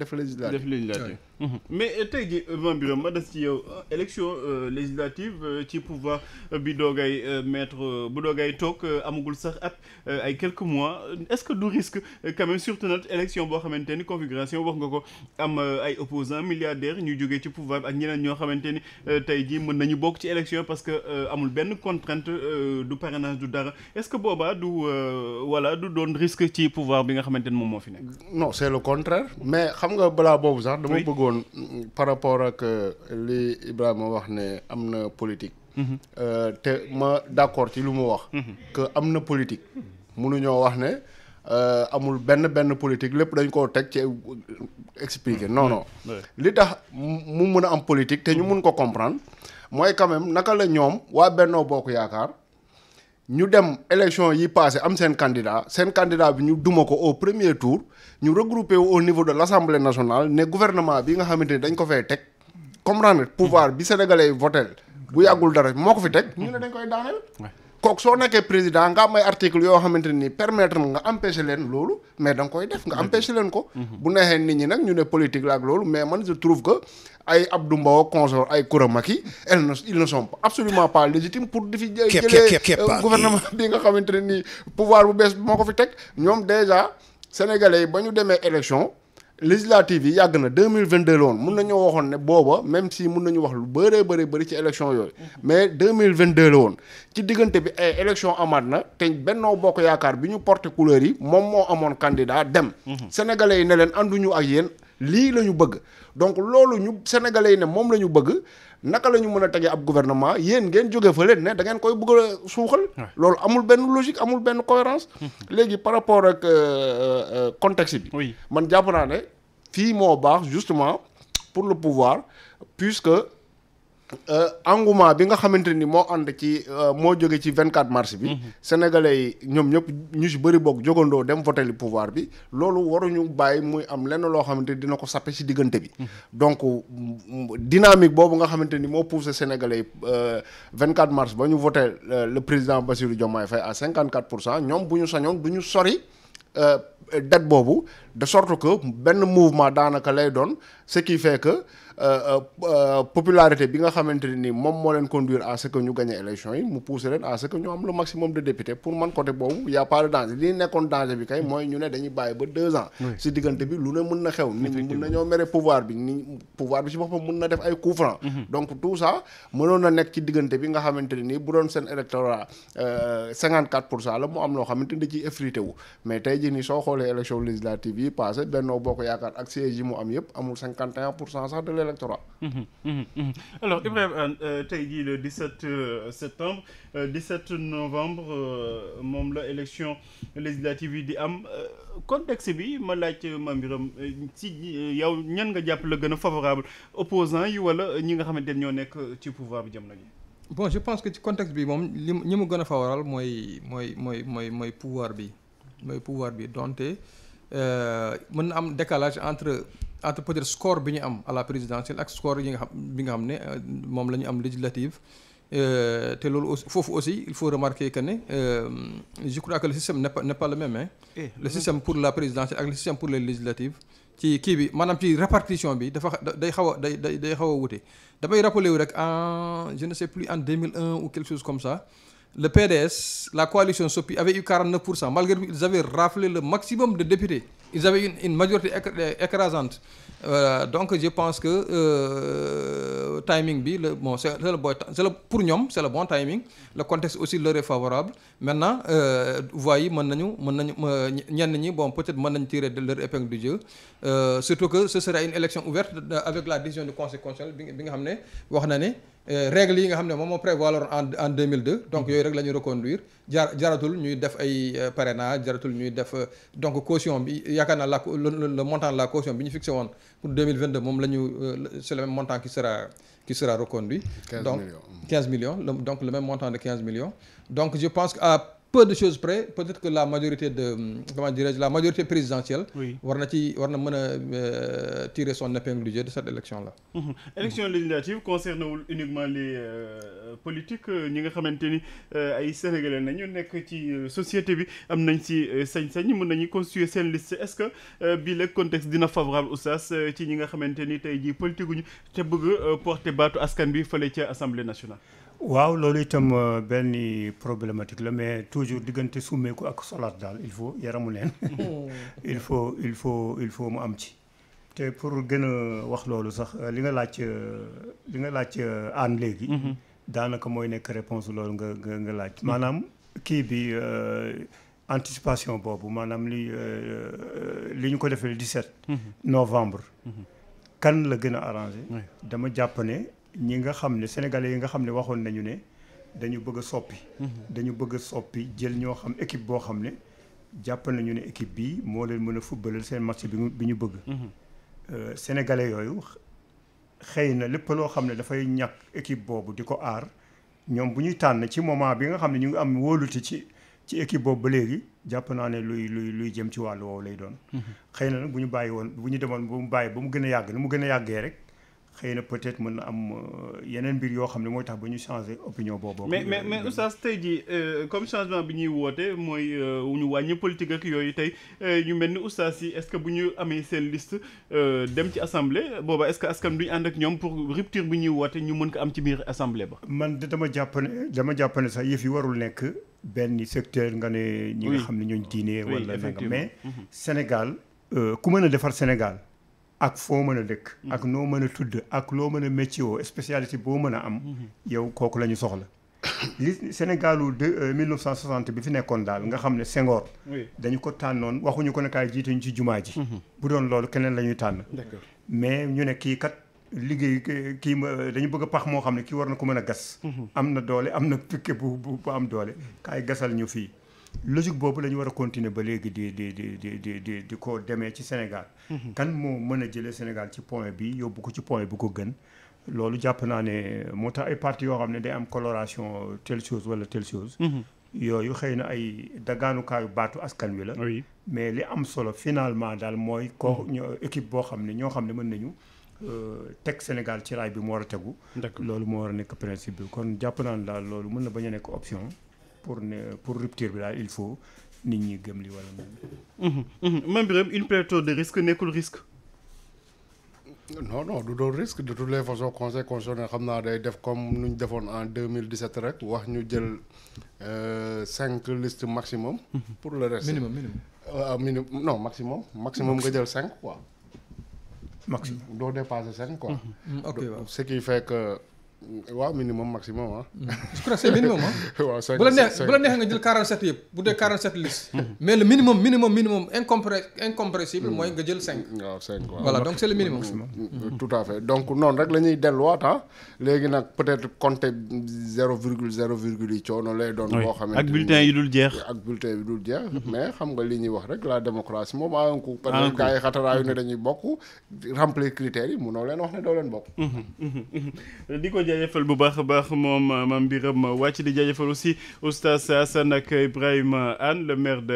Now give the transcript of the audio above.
def législative def législative mhm. mais euh, tey jii euh, Mame Birame ma des ci yow euh, élection législative ci pouvoir bi doogay maître bu doogay toog amagul sax at ay quelques mois est-ce que du risque quand même surtout nag élection boo xamante ni configuration wax nga ko am ay opposants milliardaires ñuy jógee ci pouvoir bi ak ñeneen ñoo xamante ni tey jii mën nañu bokk ci élection parce que amul benn contrainte du parrainage du dara est-ce que boobaa du wala du doon risque ci pouvoir bi nga xamante ni moom moo fi nekk. xam nga balaa boobu sax dama bëggoon mm, par rapport ak euh, li Ibrahima wax ne am na politique mhm. euh, te ma d'accord ci lu mu wax mhm. que am na politique mënuñoo wax ne euh, amul benn benn politique lépp dañ koo teg ci expliquer non li tax mu mën a am politique te ñu mun ko comprendre mooy quand même naka la ñoom waa Bennoo Bokk Yaakaar ñu dem élection yi passé am seen candidat seen candidat bi ñu duma ko au premier tour ñu regroupé wu au niveau de l' assemblée nationale ne gouvernement bi nga xamante ni dañ ko fay teg comprendre pouvoir bi sénégalais yi voté bu yàggul dara moo ko fi teg ñu ne dañ koy daaneel kooku soo nekkee président nga am ay article yoo xamante ni permettre nga empêcher leen loolu mais da nga koy def nga empêcher leen ko. bu neexee nit ñi nag ñu ne politique la ak loolu mais man je trouve que ay Abdou Mbow consort ay Kouramaki elles ne ils ne sont absolument pas légitimes pour. di fi jëlee euh, gouvernement bi nga xamante ne nii pouvoir bu bees moo ko fi teg ñoom déjà sénégalais yi ba ñu demee élection. législative yi yàgg na deux mille 2022 la woon mun nañoo waxoon ne booba même si mun nañu wax lu bëree bëri bëri ci élection yooyu mais 2022 la woon ci diggante bi ay eh, élection amaat na te Benno Bokk Yaakaar bi ñu porté couleur yi moom moo amoon candidat dem mhm. sénégalais yi ne leen ànduñu ak yéen lii la ñu bëgg donc loolu ñu sénégalais yi ne moom la ñu bëgg naka la ñu mën a tegee ab gouvernement yéen ngeen jóge fa leen ne da ngeen koy bëgg a suuxal. loolu amul benn logique amul benn cohérence léegi par rapport ak euh, euh, euh, contexte bi. oui man jàpp naa ne fii moo baax justement pour le pouvoir puisque. Euh, engouement bi nga xamante ni moo ànd ci euh, moo jóge ci vingt 24 mars bi. Mhm. sénégalais yi ñoom ñëpp ñu si bëri bokk jógandoo dem voté li pouvoir bi loolu waruñu bàyyi muy am lenn loo xamante ni dina ko sappe si diggante bi. Mhm. donc dynamique boobu nga xamante ni moo poussé sénégalais yi 24 euh, mars ba ñu voté le président Bassirou Diomaye Faye à 54 pour cent ñoom bu ñu sañoon du ñu sori. date boobu de sorte que benn mouvement daanaka lay doon ce qui Euh, euh, euh, popularité bi nga xamante ne ni moom moo leen conduire à ce que ñu gagné élection yi mu poussé leen à ce que ñu am le maximum de députés pour man côté boobu y' danger li nekkoon danger bi kay mooy ñu ne dañuy bàyyi ba deux ans. si diggante bi lu ne mën na xew. nit mën na ñoo mere pouvoir bi ni pouvoir bi si boppam mën na def ay coup mm-hmm. donc tout ça mënoon na nekk ci diggante bi nga xamante ne ni bu doon seen électorat 54 pour électoral. Mhm, mhm, mhm. alors Ibrahima euh, euh, tey jii le 17 euh, septembre 17 novembre moom la élection législative yi di am contexte bi ma laaj ma mbiram ci yow ñan nga jàpp la gën a favorable opposants yi wala ñi nga xamante ne ñoo nekk ci pouvoir bi jamono ji. bon je pense que ci contexte bi moom li ñi mu gën a favorable mooy mooy mooy mooy mooy pouvoir bi mooy pouvoir bi donte mën na am décalage entre. entre peut être score bi ñu am à la présidentielle ak score yi nga xam bi nga xam ne euh, moom la ñu am législative euh, te loolu aussi foofu aussi il faut remarquer que ne euh, je crois que le système n'est pas n'est le même eh, le système pour la présidentielle ak le système pour les législatives ci kii bi maanaam ci répartition bi dafa day xaw day day day xaw a wute damay rappelé wu rek en je ne sais plus en 2001 ou quelque chose comme ça. le PDS, la coalition SOPI avait eu 49%. Malgré tout, ils avaient raflé le maximum de députés. Ils avaient une, une majorité écrasante. Euh, donc, je pense que euh, timing, bi, le, bon, c'est, le, le pour nous, c'est le bon timing. Le contexte aussi leur est favorable. Maintenant, euh, vous voyez, nous, bon, peut-être nous tirer de leur épingle du jeu. Euh, surtout que ce sera une élection ouverte euh, avec la décision du na ne Euh, règles yi nga xam ne moom moo prévoir en en 2002 donc mm-hmm. yooyu rek la ñuy reconduire jaratul ñuy def ay euh, parrainage jaratul ñuy def euh, donc caution bi yaakaar naa la le montant la caution bi ñu fixé woon pour 2022 moom la ñu c'est le même montant qui sera qui sera reconduit donc 15 donc le même montant de 15 donc je pense que peu de choses près peut-être que la majorité de comment dirais la majorité présidentielle. war ci war na mën a euh, tirer son épingle du jeu de cette élection là. élection législative concerne uniquement les euh, politiques euh, ñi nga xamante ni ay sénégalais nañu nekk ci société bi am nañ ci sañ-sañ mën nañu constituer seen liste est-ce que bii la contexte dina favorable oustaz ci ñi nga xamante ni tey jii politique ñu te bëgg porter baatu askan bi fële ca assemblée waaw loolu itam euh, benn problématique la mais toujours diggante summeeku ak solaat daal il faut yaramu leen oh. il faut il faut il faut mu am ci te pour gën a wax loolu sax euh, li nga laaj euh, li nga laaj aan léegi mm-hmm. daanaka mooy nekk réponse loolu nga nga nga laaj maanaam kii bi anticipation boobu maanaam li li ñu ko defee le 17 mm-hmm. novembre mm-hmm. kan la gën a arrangé dama jàpp ñi nga xam ne sénégalais yi nga xam ne waxoon nañu ne dañu bëgg soppi. Mhm. dañu bëgg soppi jël ñoo xam équipe boo xam ne jàpp nañu ne équipe bii moo leen mën a footballal seen marché bi bi ñu bëgg. Mhm. Euh, sénégalais yooyu xëy na lépp loo xam ne dafay ñàkk équipe boobu di ko aar ñoom bu ñuy tànn ci moment bi nga xam ne ñu ngi am wóolute ci ci équipe boobu ba léegi jàpp naa ne luy luy luy jëm ci wàllu woowu lay doon. Mhm. xëy na nag bu ñu bàyyi woon bu ñu demoon ba mu bàyyi ba mu gën a yàgg ni mu gën a yàggee rek. xëy na peut-être mën na am euh, yeneen mbir yoo xam ne mooy tax ba ñu changer opinion boobu. mais mais mais oustaz tey jii euh, comme changement bi ñuy woote mooy euh, ñu wàññi politique ak yooyu tey ñu mel ni oustaz yi est-ce que bu ñu amee seen liste dem ci assemblée booba est-ce que askan duñu ànd ak ñoom pour rupture bi ñuy woote ñu mën ko am ci biir assemblée ba. man de dama jàpp ne dama jàpp sax yëf yi warul nekk benn secteur nga ne. ñu nga xam ne ñooñu diine. wala mais mhm. Sénégal ku mën a defar Sénégal. ak foo mën a dëkk. ak noo mën a tudd ak loo mën a métier spécialité boo mën a am. yow kooku la ñu soxla. li Sénégalu de 1960 euh, bi fi nekkoon daal nga xam ne Senghor. dañu ko tànnoon waxuñu ko ne kaay jiite ñu ci jumaa ji. Mhm. bu doon loolu keneen la ñuy tànn. mais ñu ne kii kat liggéey kii dañu bëgg a pax moo xam ne kii war na ko mën a gas. Mhm. am na doole am na piquet bu bu am doole kaay gasal ñu fii. logique boobu la ñu war a continuer ba léegi di di di di di di di ko demee ci Sénégal. Mhm. kan moo mën a jëlee Sénégal ci point bi yóbbu ko ci point bu ko gën. loolu jàpp naa ne moo tax ay parti yoo xam ne day am coloration telle chose wala telle chose. Mhm. yooyu xëy na ay dagaanukaayu baatu askan wi la. mais li am solo finalement daal mooy. koo mhm. équipe boo xam ne ñoo xam ne mën nañu. Euh, teg Sénégal ci raay bi mu war a tegu. loolu moo war a nekk principe bi kon jàpp naa ne daal loolu mën na bañ a nekk option. pour ne pour rupture bi daal il faut nit ñi gëm li wala moom. Mame Birame une plateau de risque nekkul risque. non non du doon risque de toutes les façons conseil constitutionnel xam naa day def comme nu ñu defoon en 2017 rek wax ñu jël euh, cinq listes maximum. pour le reste minimum minimum. waaw euh, ah, minimum non maximum. maximum nga jël cinq quoi. maximum doo dépasser cinq quoi. ok ce qui fait que. waaw minimum maximum ah. je crois c'est minimum ah. waaw cinq bu la neexee la neexee nga jël 47 yëpp bu dee 47 liste. mais le minimum minimum minimum incompré mooy nga jël 5. Mm. waaw 5 waaw donc c'est le minimum. Mm, tout à fait donc noonu rek la ñuy delluwaat ah léegi nag peut-être compter zéro virgule zéro virgule yi coono lay doon. boo xamante ak bulletin yi dul jeex. ak bulletin yi dul jeex. mais xam nga li ñuy wax rek la démocratie moom à un coup. à un coup gars yi xataraayu ne mm-hmm. dañuy bokk remplir critères ne doo leen bokk. Mm-hmm. Mm-hmm. jaajëfal bu baax a baax moom Mame Birame Wathie di jaajëfal aussi oustaz Assane ak Ibrahima Anne le maire de